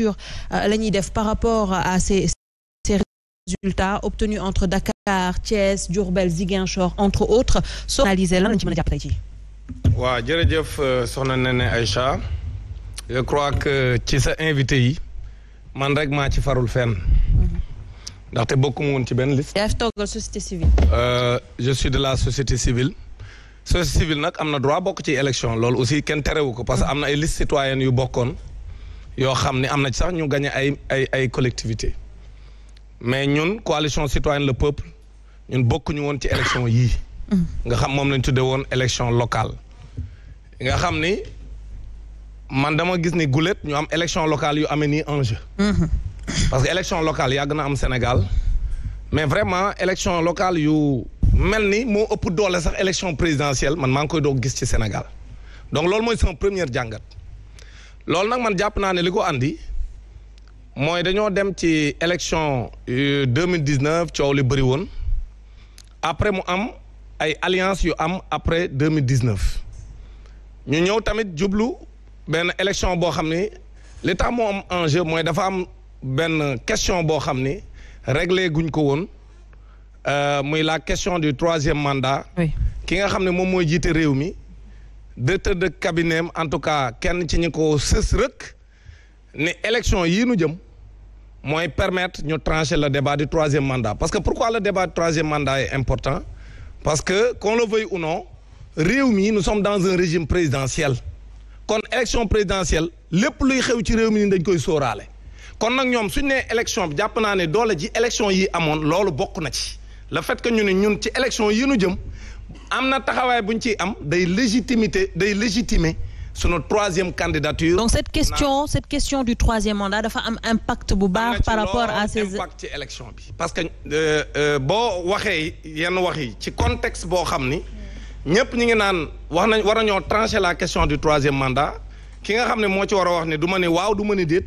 Euh, la ñuy def par rapport à ces ces résultats obtenus entre Dakar Thiès Diourbel Ziguinchor entre autres soo analysé lan lañ ci mën a jàpp tey ci waaw jërëjëf euh, soxna Nene Aïcha je crois que ci sa invité yi man rek maa ci farul fen mhm. ndaxte bokku mu woon ci benn liste société civile euh, je suis de la société civile société civile nag am na droit bokk ci élection loolu aussi kenn terewu ko parce que am na ay liste citoyenne yu bokkoon yoo xam ne am na ci sax ñu gagné ay ay ay collectivité mais ñun coalition citoyenne le peuple ñun bokkuñu woon ci élection yii nga xam moom lañ tudde woon élection locale nga xam ni man dama gis ni gulet ñu am élection locale yu amee nii enjeu parce que élection locale yàgg na am Sénégal mais vraiment élection locale yu mel ni moo ëpp doole sax élection présidentielle man maa ngi koy doog gis ci Sénégal donc lool mooy sama première jàngat loolu nag man jàpp naa ne li ko andi mooy dañoo dem ci élection euh, deux mille dix neuf coow li bëri woon après mu am ay alliance yu am après deux mille dix neuf ñu ñëw tamit jublu benn élection boo xam ni li tax moo am enjeu mooy dafa am benn question boo xam ni réglé guñ ko woon euh, muy la question du troisième mandat. ki nga xam ne moom mooy jiite réew mi. directeur de cabinet am en tout cas kenn ci ñi ko sës rëkk ne élection yii nu jëm mooy permettre ñu trancher la débat du troisième mandat parce que pourquoi le débat du troisième mandat est important parce que qu'on le veuille ou réew mi nous sommes dans un régime présidentiel kon élection présidentielle lépp luy xew ci réew mii ni dañ koy sooraale kon nag ñoom suñ nee élection bi jàpp naa ne doole ji élection yi amoon loolu bokk na ci le fait que ñu ne ñun ci élection yi jëm am na taxawaay bu ñu ciy am day légitimité day légitimer sunu troisième candidature. donc cette question cette question du troisième mandat dafa am impact bu baax. par rapport à ces impact ci élection bi. parce que euh, euh, boo waxee yenn wax yi ci contexte boo xam ni. ñëpp ñu ngi naan wax nañ war nañoo trancher la question du troisième mandat ki nga xam ne moo ci war a wax ne du ma ne waaw du ma ne déet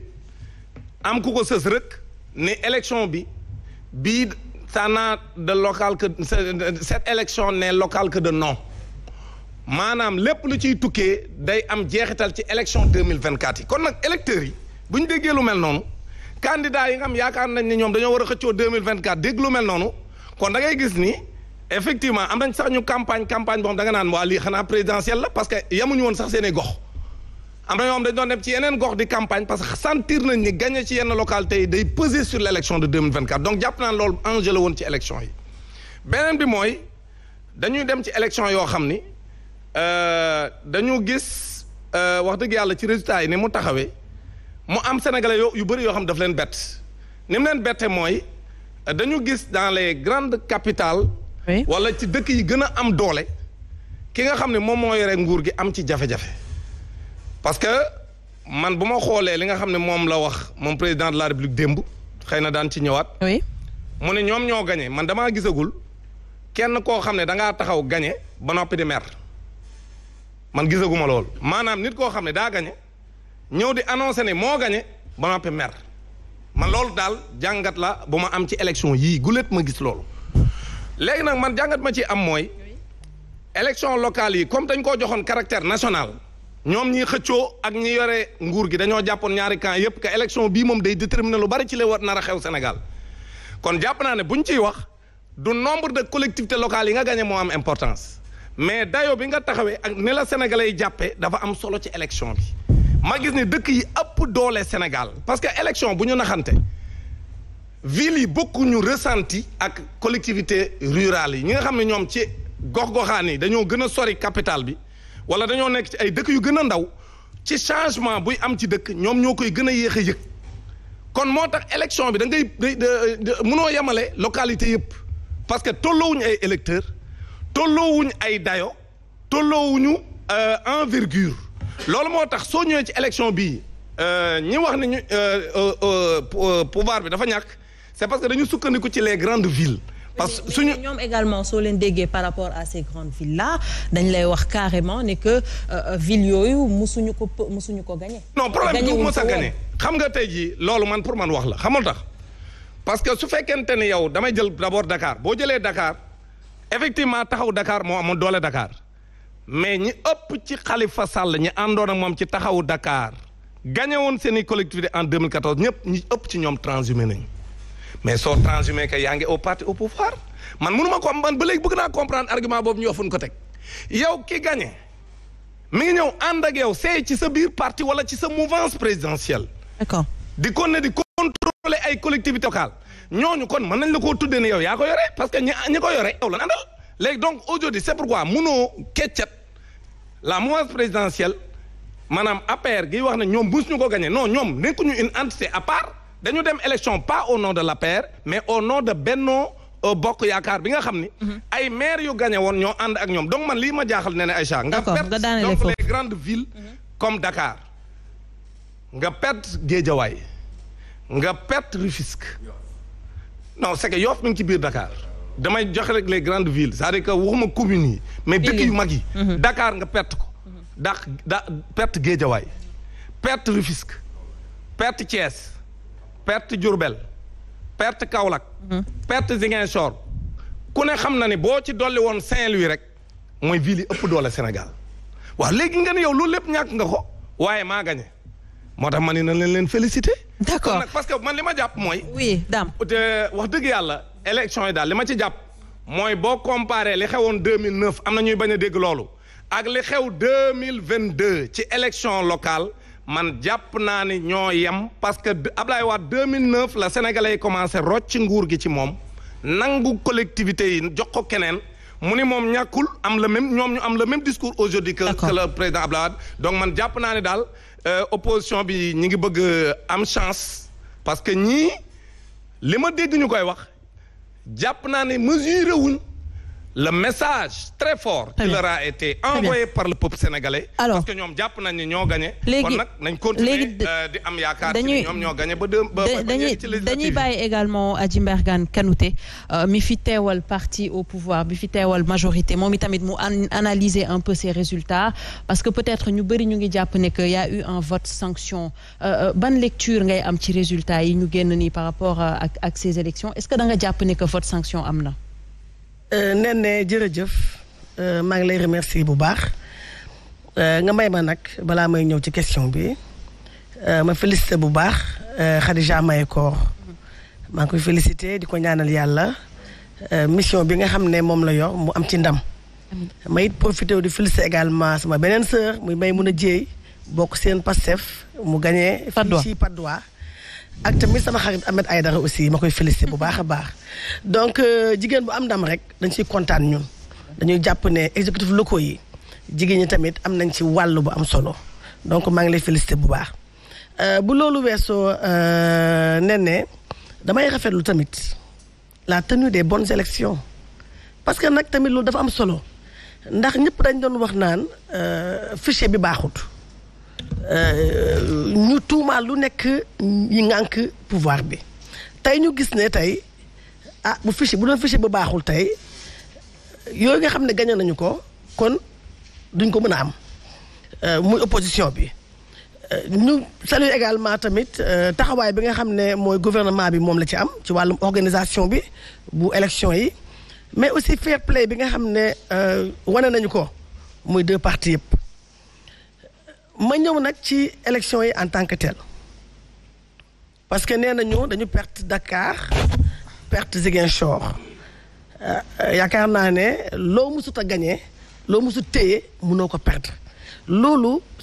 am ku ko sës rek ne élection bi bii ça n'a de local que cette élection n'est locale que de nom maanaam lépp lu ciy tukkee day am jeexital ci élection 2024 yi kon nag électeurs yi bu ñu déggee lu mel noonu candidats yi nga xam yaakaar nañ ne ñoom dañoo war a xëccoo 2024 dégg lu mel noonu kon da ngay gis ni effectivement am nañ sax ñu campagne campagne boo xam da nga naan waa lii xanaa présidentielle la parce que yemuñu woon sax seen i gox am na ñoo xam dañ doon dem ci yeneen gox di campagne parce que sentir nañ ni gagné ci yenn localité yi day peser sur l' élection de 2024 donc jàpp naa loolu enjeu woon ci élection yi beneen bi mooy dañuy dem ci élection yoo xam ni euh, dañu gis euh, wax dëgg yàlla ci résultat yi ni mu taxawee mu am sénégalais yoo yu bëri yoo xam daf leen bett ni mu leen bette mooy dañu gis dans les grandes capitales wala ci dëkk yi gën a am doole ki nga xam ne moom moo yore nguur gi am ci jafe parce que man bu ma xoolee li nga xam ne moom la wax moom président de la république démb xëy na daan ci ñëwaat. oui mu ne ñoom ñoo gañe man damaa gisagul kenn koo xam ne da ngaa taxaw gañe ba noppi di mer man gisaguma lool maanaam nit koo xam ne daa gañe ñëw di annoncé ne moo gañe ba noppi mer man loolu daal jàngat la bu ma am ci élection yii guléet ma gis loolu léegi nag man jàngat ma ci am mooy élection locale yi comme dañ koo joxoon caractère national ñoom ñi xëccoo ak ñi yore nguur gi dañoo jàppoon ñaari camp yépp que élection bii moom day déterminer lu bari ci la war nar a xew Sénégal kon jàpp naa ne bu ñu ciy wax du nombre de collectivités locales yi nga gagné moo am importance mais dayo bi nga taxawee ak ni la sénégalais yi jàppee dafa am solo ci élection bi ma gis ni dëkk yi ëpp doole Sénégal parce que élection bu ñu naxante ville yi bokkuñu ressenti ak collectivité rurale yi ñi nga xam ne ñoom ci gox-goxaan yi dañoo gën a sori capitale bi wala dañoo nekk ci ay dëkk yu gën a ndaw ci changement buy am ci dëkk ñoom ñoo koy gën a yéex a yëg kon moo tax élection bi da ngay mënoo yemale localité yëpp parce que tolloowuñu ay électeurs tolloowuñu ay dayo tolloowuñu euh, envergure loolu moo tax soo ñëwee ci élection bii euh, ñi wax ne ñu euh, pouvoir bi dafa ñàkk c'est parce que dañu sukkandiku ci les grandes villes parce que suñu ñoom également soo leen déggee par rapport à ces grandes villes là dañ lay wax carrément ni que euh, euh, ville yooyu musuñu ko musuñu ko gagné. non problème du mos a gagné xam nga tey jii loolu man pour man wax la xamul tax parce que su fekkente ne yow damay jël d'abord dakaar boo jëlee dakaar effectivement taxaw dakaar moo amoon doole dakaar mais ñi ëpp ci xalifa Sall ñi àndoon ak moom ci taxawu dakaar gagné woon seen i collectivité en 2014 ñëpp ñi ëpp ci ñoom transhumé nañu. mais soo transhumé que yaa ngi au parti au pouvoir man mënuma ko man ba léegi bëgg naa comprendre argument boobu ñu ofun ko teg yow ki gagné mi ngi ñëw ànd ak yow seey ci sa biir parti wala ci sa mouvance présidentielle. d'accord di kon ne di contrôler ay collectivités locales ñooñu kon mën nañ la koo tuddee ne yow yaa ko yore parce que ñi ñi ko yore yow la àndal léegi donc aujourd'hui c'est pourquoi munoo keccat la mouvance présidentielle maanaam APR gi wax ne ñoom buus ñu ko gagné non ñoom nekkuñu une entité à part. dañu dem élection pas au nom de l'APR mais au nom de Benno euh, Bokk Yaakaar bi nga xam ni. Mhm. ay maire yu gagné woon ñoo ànd ak ñoom donc man lii ma jaaxal ne ne Aïcha. nga perte donc les grandes villes. Mhm. comme Dakar nga perte Guédiawaye nga perte Rufisque non c'est que Yoff mi ngi ci biir Dakar. damay joxe rek les grandes ville c'est-à-dire que waxuma communes yi mais dëkk yu mag yi mhm. dakaar nga perte ko dax da perte Guédiawaye perte Rufisque perte Thiès perte Diourbel perte Kaolack. Mhm. perte Ziguinchor. ku ne xam na ne boo ci dolli woon Saint-Louis rek mooy ville yi ëpp doole Sénégal waaw léegi nga ne yow loolu lépp ñàkk nga ko waaye maa gagné moo tax ma ne na leen leen félicité. d'accord parce que man li ma jàpp mooy. oui Dame. te wax dëgg yàlla élection yi daal li ma ci jàpp mooy boo comparé li xewoon 2009 am na ñuy bañ a dégg loolu ak li xew 2022 ci élection locale. man jàpp naa ne ñoo yam parce que Ablaye Wade 2009 la sénégalais yi commencé rocc nguur gi ci moom nangu collectivité yi jox ko keneen mu ni moom ñàkkul am la même ñoom ñu am le même discours aujourd'hui que la le président Ablaye Wade donc man jàpp naa ne daal euh, opposition bi ñi ngi bëgg euh, am chance parce que ñii li ma dégg ñu koy wax jàpp naa ne mesuré wuñ le message très fort qui leur a été envoyé par le peuple sénégalais alors parce que ñoom jàpp nañ ni ñoo gagné léegi nag nañ continuer euh, di am yaakaar ci ñoom ñoo gagné ba dañuy dañuy bàyyi également Adji Mbergane Kanouté euh, mi fi teewal parti au pouvoir bi fi teewal majorité moom tamit mu analyser un peu ces résultats parce que peut-être ñu bëri ñu ngi jàpp ne que y a eu un vote sanction euh, ban lecture ngay am ci résultats yi ñu génn nii par rapport ak ak ces élections est-ce que da nga jàpp ne que vote sanction am na Euh, Néné jërëjëf euh, maa ngi lay remercier bu baax euh, nga may ma nag balaa may ñëw ci question bi ma félicité bu baax Khadija Mahécor maa ngi koy félicité di ko ñaanal yàlla mission bi nga xam ne moom la yor mu am ci ndam. ma it profité di félicité également sama beneen sœur muy may mun a jéey bokk seen Pastef mu gagné. fii ci Patte ak tamit sama xarit ay dara aussi ma koy félicité bu baax a baax donc euh, jigéen bu am ndam rek dañ ciy kontaan ñun dañuy jàpp ne exécutif locaux yi jigéen ñi tamit am nañ ci wàll bu am solo donc maa ngi lay félicité bu baax euh, bu loolu weesoo euh, nee ne damay rafetlu tamit la tenue des bonnes élections parce que nag tamit loolu dafa am solo ndax ñëpp dañ doon wax naan fichier bi baaxut Euh, ñu tuumaal lu nekk ñi ngànk pouvoir bi tey ñu gis ne tey ah bu fichier bu doon fichier bu baaxul tey yooyu nga xam ne gañe nañu ko kon duñ ko mën a am euh, muy opposition bi euh, ñu salue également tamit taxawaay bi nga xam ne mooy gouvernement bi moom la ci am ci wàllum organisation bi bu élection yi mais aussi fair play bi nga xam ne wane nañu ko muy deux parties yëpp ma ñëw nag ci élection yi en tant que tel parce que nee nañu dañu perte Dakar perte Ziguinchor euh, yaakaar naa ne loo musut a gañee loo musut téye munoo ko perdre loolu